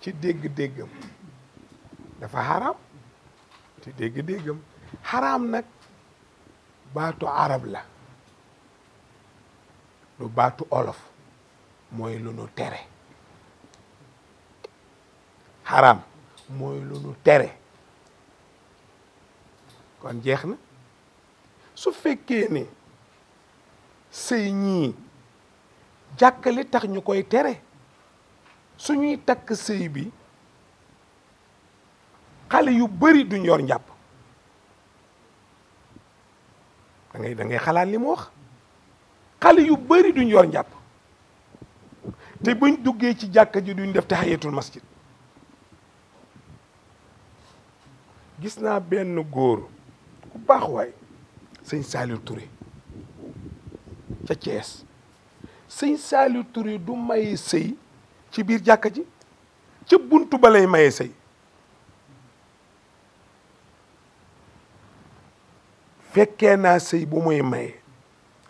ci dégg-déggam dafa xaraam ci dégg-déggam xaraam nag baatu arab la lu baatu olof mooy lu nu tere xaraam mooy lu nu tere kon jeex na su fekkee ni sëy ñii jàkkali tax ñu koy tere suñuy takk sëy bi xale yu bëri duñ yor njàpp da ngay xalaat li mu wax xale yu bari duñ yor njàpp te buñ duggee ci jàkka ji duñ def tahiyatul masjid gis naa benn góor ku baax waay sëñ Saliou Touré ca Thiès sëñ Saliou turi du may sëy ci biir jàkka ji ca buntu ba lay maye sëy fekkee naa sëy bu muy maye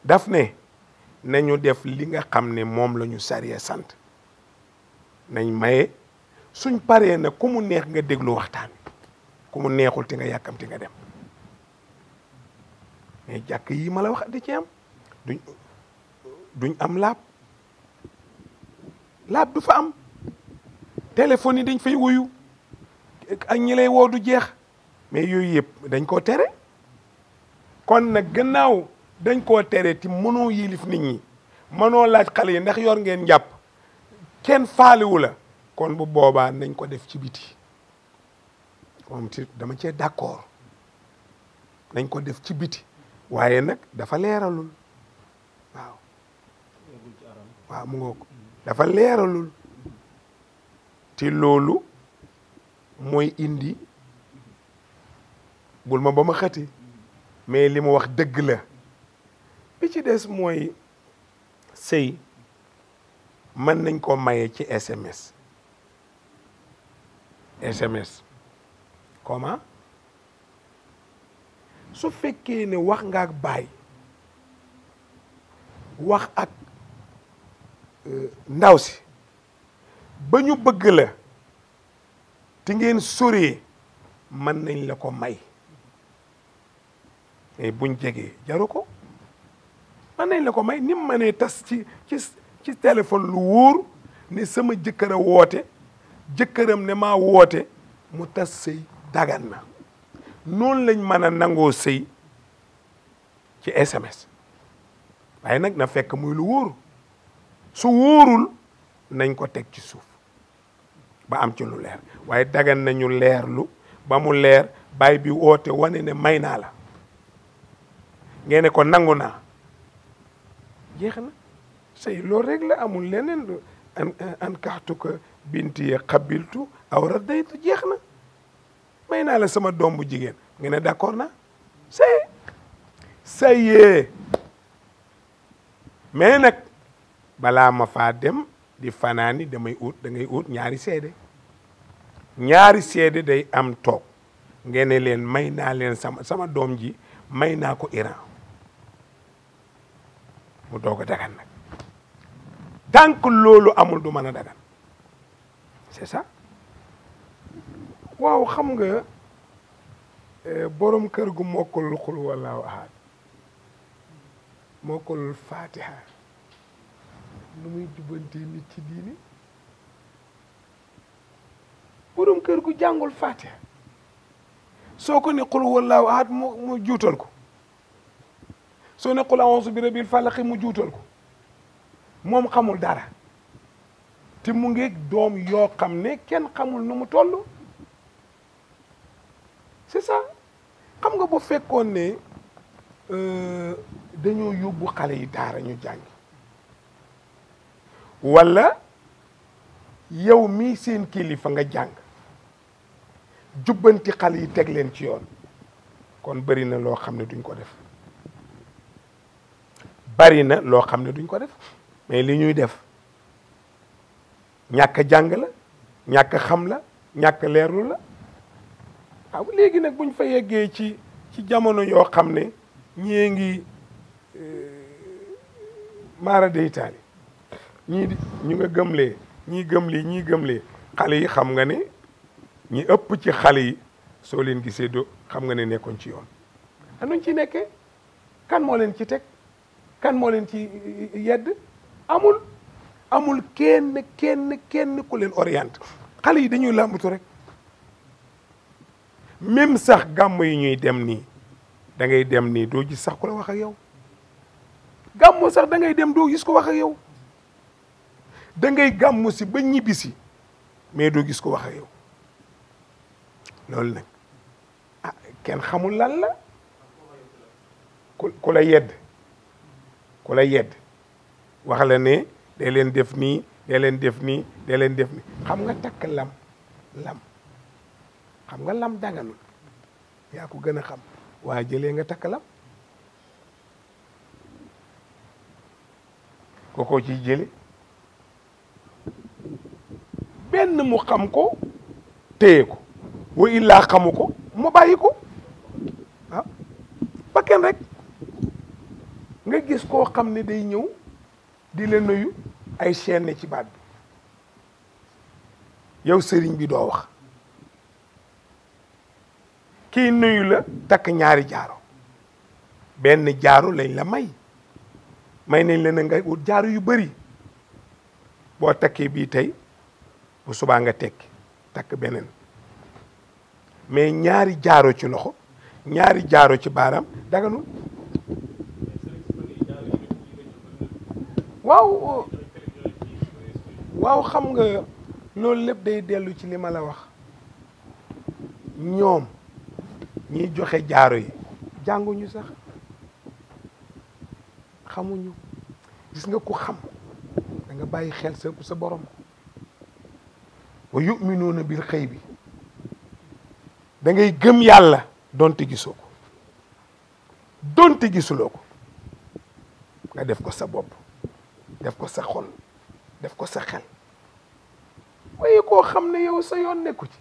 daf ne nañu def li nga xam ne moom la ñu sariya sant nañ maye suñ paree na ku mu neex nga déglu waxtaan ku mu neexul te nga yàkkamti nga dem mais jàkk yi ma la wax di ci am duñ duñ am laab laab du fa am téléphone yi dañ fay woyu ak ñilay lay woo du jeex mais yooyu yëpp dañ koo tere kon nag gannaaw dañ koo tere ti mënoo yilif nit ñi mënoo laaj xale yi ndax yor ngeen jàpp kenn faaliwu la kon bu boobaa nañ ko def ci biti moom ti dama cee d'accord nañ ko def ci biti waaye nag dafa leeralul waaw waaw dafa leeralul te loolu mooy indi bul ma ba ma xati mais limu wax dëgg la bi ci des mooy sey mën nañ ko maye ci SMS SMS koma su fekkee ne wax nga ak baay wax ak ndaw si ba ñu bëgg la te ngeen soree mën nañ la ko may mais buñ jegee jaru ko mën nañ la ko may ni mane tas ci ci ci lu wóor ni sama jëkkër a woote jëkkëram ne ma woote mu tas sëy dagan na noonu lañ mën a nangoo sëy ci SMS waaye nag na fekk muy lu wóor su wóorul nañ ko teg ci suuf ba am ci lu leer waaye daggan nañu leer lu ba mu leer baay bi woote wane ne may naa la ngeen ne ko nangu naa jeex na say loolu rek la amul leneen an an kaxtu ko binti ye xabiltu aw raddaytu jeex na may naa la sama doom bu jigéen ngeen ne d'accord na say sayee mais nag balaa ma faa dem di fanaani damay ut da ngay ut ñaari seede ñaari seede day am toog ngeen leen may naa leen sama doom ji may naa ko Iran mu doog a dagan nag tant que loolu amul du mën a dagan c'est sa waaw xam nga eh, borom kër gu mokkalul xul wallaahu ahad mokkalul fatiha nu muy jubbantee nit ci diini boroom kër gu jàngul fatiha soo ko ne qul wallaahu ahad mu mu juutal ko soo ne qul a'uuzu bi rabbil falaq mu juutal ko moom xamul dara te mu ngi doom yoo xam ne kenn xamul nu mu toll c'est ça xam nga bu fekkoon ne euh, dañoo yóbbu xale yi daara ñu jàng walla yow mii seen kilifa nga jàng jubbanti xal yi teg leen ci yoon kon bari na loo xam ne duñ ko def bari na loo xam ne duñ ko def mais li ñuy def ñàkk jàng la ñàkk xam la ñàkk leerlu la waaw ah, léegi nag buñ fa yeggee ci ci jamono yoo xam ne ñée ngi euh, maara deytaali ñii ñu nga gëmlee ñii gëm lii ñii gëmlee xale yi xam nga ne ñi ëpp ci xale yi soo leen gisee do xam nga ne nekkoon ci yoon anuñ ci nekkee kan moo leen ci teg kan moo leen ci yedd amul amul kenn kenn kenn ku leen orienté xale yi dañuy làmbatu rek même sax gàmm yi ñuy dem nii dangay dem nii doo gis sax ku la wax ak yow gàmmoo sax dangay dem doo gis ko wax ak yow dangay ngay gàmmu si ba ñibbisi mais doo gis ko wax ak yow loolu nag ah kenn xamul lan la ku ku la yedd ku la yedd wax la ne day leen def nii day leen def nii day leen def nii xam nga takk lam lam xam nga lam daganul yaa ko gën a xam waa jëlee nga takk lam koo ciy jële benn mu xam ko téye ko wa illaa ko mu bàyyi ko waaw ah, ba nga gis koo xam ne day ñëw di la nuyu ay chaîne ci yow sëriñ bi doo wax kii nuyu la takk ñaari jaaro benn jaaro lañ la may may nañ la na jaaro yu bari boo takkee bii tey bu subaa nga tekki takk beneen mais ñaari jaaro ci loxo ñaari jaaro ci baaraam daganul waaw waaw xam nga loolu lépp day dellu ci li ma la wax ñoom ñiy joxe jaaro yi jànguñu sax xamuñu gis nga ku xam danga bàyyi xel sa sa borom wa yuminuuna bil xëy bi da ngay gëm yàlla donte gisoo ko donte gisuloo ko nga def ko sa bopp def ko sa xol def ko sa xel waaye koo xam ne yow sa yoon nekku ci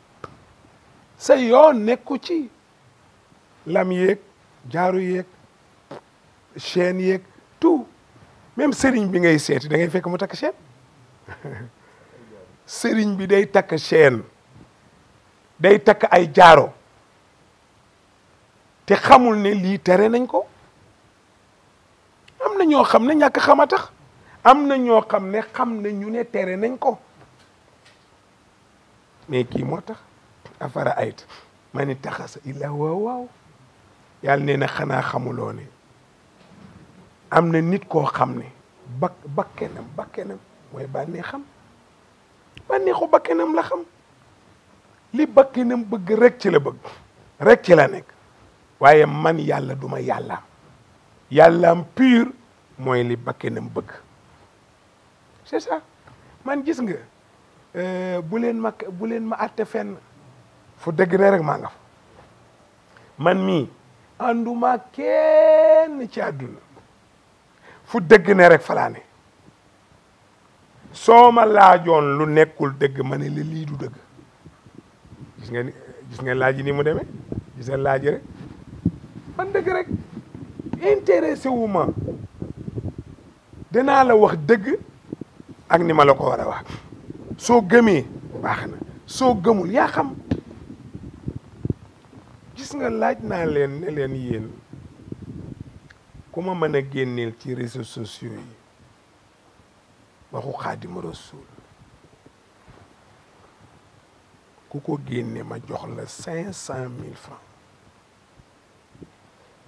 sa yoon nekku ci lam yeeg jaaru yeeg chaîne yeeg tout même sëriñ bi ngay seeti da ngay fekk mu takk chaîne sëriñ bi day takk chaîne day takk ay jaaro te xamul ne lii tere nañ ko am na ñoo xam ne ñàkk xam a tax am na ñoo xam ne xam na ñu ne tere nañ ko mais kii moo tax afara ayt ma ni taxasa illa waaw waaw yàlla nee na xanaa xamuloo ne am na nit koo xam ne ba bakkenam bakkenam mooy bànnee xam bànneexu bakkanam la xam li bakkanam bëgg rek ci la bëgg rek ci la nekk waaye man yàlla duma yàllaam yàllaam pur mooy li bakkanam bëgg c'est ça man gis nga euh, bu leen ma bu leen ma atte fenn fu dëgg ne rek maa nga fa man mi ànduma kenn ci àdduna fu dëgg ne falaane soo ma laajoon lu nekkul dëgg ma ne la lii du dëgg gis nga ni gis nga laaj yi ni mu deme gis nga laaj rek man dëgg rek intéressé wu danaa la wax dëgg ak ni ma la ko war a wax soo gëmee baax na soo gëmul yaa xam gis nga laaj naa leen ne leen yéen ku ma mën a génneel ci réseaux sociaux yi waxu xaadimu rasuul ku ko génne ma jox la cinq cent francs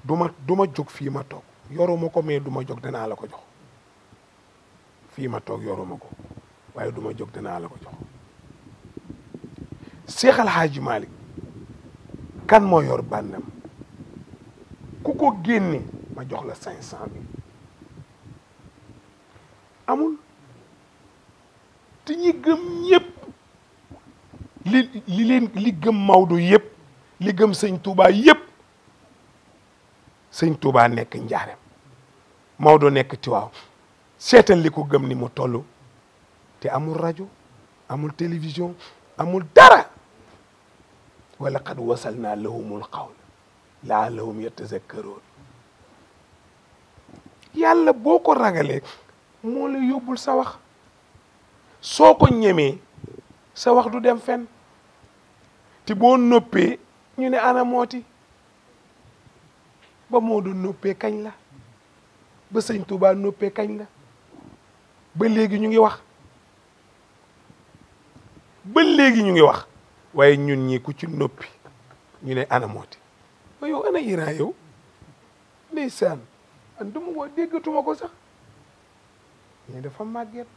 du ma du jóg fii ma toog yoruma ko mais du ma jóg danaa la ko jox fii ma toog yoruma ko waaye duma ma jóg danaa ko jox Seex Alxaaji kan moo yor bànnam ku ko génne ma jox la cinq cent ñi gëm ñëpp li li leen li gëm Maodo yëpp li gëm sëñ Touba yëpp sëñ Touba nekk njaareem Maodo nekk Tiwaaw seetal li ko gëm ni mu toll te amul rajo amul télévision amul dara wala qad wasalna lahumul qawl laalahum yatazakkaroon yàlla boo ko ragalee moo la yóbbul sa wax soo ko ñemee sa wax du dem fen te boo noppee ñu ne ana mooti ba moo doon noppee kañ la ba sëñ Tuubaa noppee kañ la ba léegi ñu ngi wax ba léegi ñu ngi wax waaye ñun ñi ci noppi ñu ne ana mooti ba yow ana Iran yow ndeysaan an du ma ko déggatuma ko sax ñu dafa màgget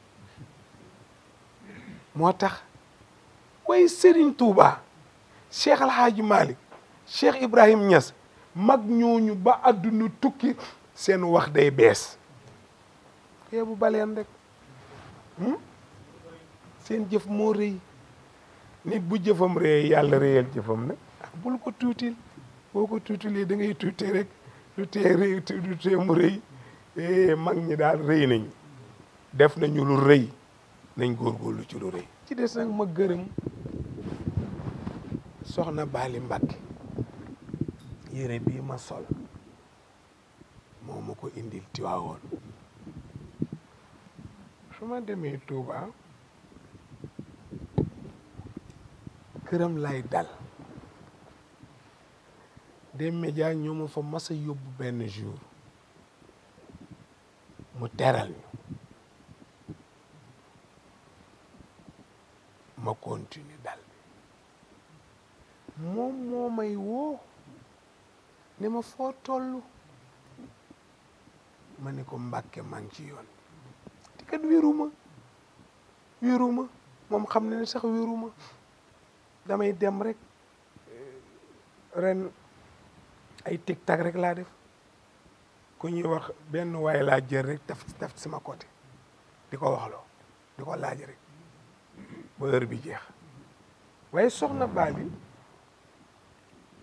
moo tax way Serigne Touba Cheikh El Hadj Malick Ibrahim Niass mag ñooñu ba àdduna tukki seen wax day bees kee bu baleen rek hmm? seen jëf moo rëy nit bu jëfam rëy yàlla rëyal jëfam nag bul ko tuutil boo ko tuutilee da ngay tuute rek du tee rëy du tee mu rëy eh, mag ñi daal rëy nañu def nañu lu rëy nañ góorgóorlu ci lu rëy ci des nag ma gërëm soxna Bali Mbacke yére bii ma sol moo ma ko indil Tiwaawoon su ma demee Touba këram lay dal des médias ñoo ma fa mas yóbbu benn jour mu teral ñu ma continue dal bi moom moo may woo ni ma foo toll ma ni ko mbàkke maa ngi ci yoon te kat wéruma ma moom xam na ne sax wéruma damay dem rek eh, ren ay tic tac rek laa def ku ñuy wax benn waay laa jël rek taf taf sama côté di ko waxloo di ko laaj rek ba heure bi jeex waaye soxna baa bi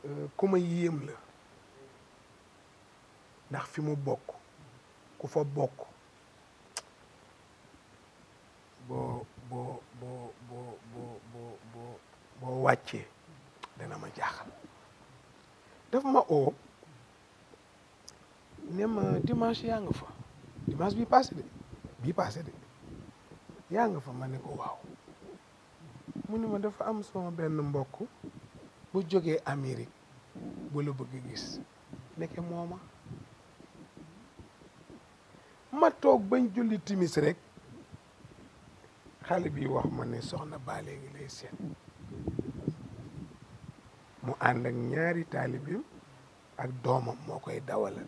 euh, ku ma yéem la ndax fi mu bokk ku fa bokk boo boo boo boo boo boo boo wàccee dana ma jaaxal daf ma oo ne ma dimanche yaa nga fa dimanche bii passé de bii passé de yaa nga fa ma ne ko waaw mu ni ma dafa am sama benn mbokk bu jógee Amérique bu la bëgg gis ndeke mooma ma toog bañ julli timis rek xale bi wax ma ne soxna Bale ngi lay seet mu ànd ak ñaari taalibeem ak doomam moo koy dawalal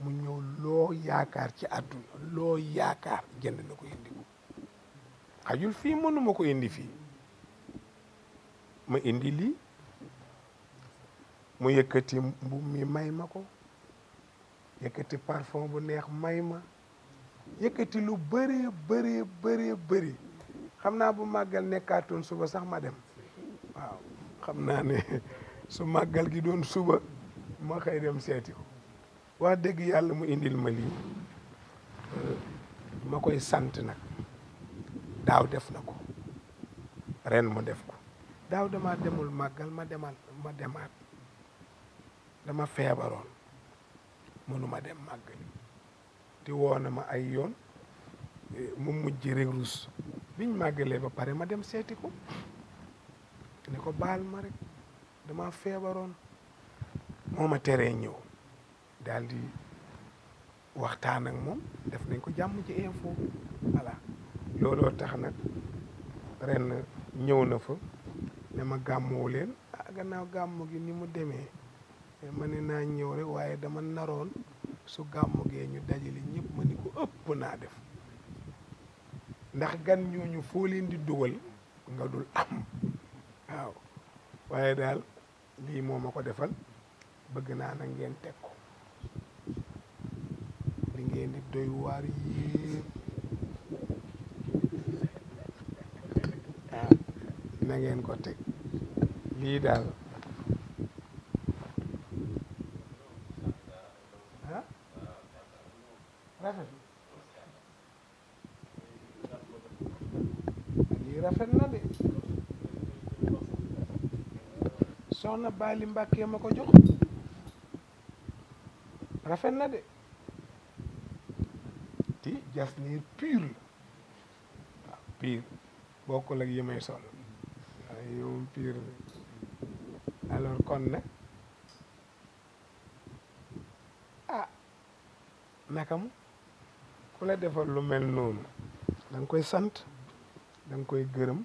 mu ñëw loo yaakaar ci àdduna loo yaakaar jënd na ko indi xajul fii mënuma ko indi fii ma indi lii mu yëkkati mbu mi may ma ko yëkkati parfum bu neex may ma yëkkati lu bëree bëree bëree bëri xam naa bu màggal nekkaatoon suba sax ma dem waaw xam naa ne su màggal gi doon suba ma xëy dem seeti ko wax dëgg yàlla mu indil ma lii euh, ma koy sant nag daaw def na ko ren mu def ko daaw dama demul màggal ma demaat ma demaat dama feebaroon mënuma dem màggal te woo na ma ay yoon mu mujj rek rus biñ màggalee ba pare ma dem seeti ko ne ko baal ma rek dama feebaroon moo ma teree ñëw daal di waxtaan ak moom def nañ ko jàmm ci info voilà looloo tax nag ren ñëw na fa ne ma gàmmuwu leen ah gannaaw gàmmu gi ni mu demee ma ne naa ñëw rek waaye dama naroon su gàmmu gee ñu dajale ñëpp ma ni ko ëpp naa def ndax gan ñooñu foo leen di dugal nga dul am waaw waaye daal lii moo ma ko defal bëgg naa na ngeen teg ko li ngeen di doy waar yi na ngeen ko teg lii daal rafet lii rafet na de soxna Baali Mbàkke ma ko jox rafet na de ti jas ni pur la waaw pur bokkul ak yi may sol yow pire kon nag ah nakam ku la defal lu mel noonu da koy sant da koy gërëm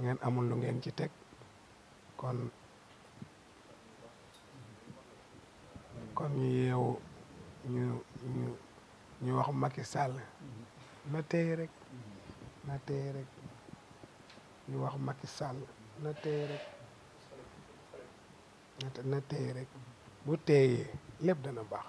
ngeen amul lu ngeen ci teg kon kon ñu yeewu ñu ñu ñu wax Macky Sall na tey rek na tey rek ñu wax Macky Sall na téye rek na téye rek bu téyee lépp dana baax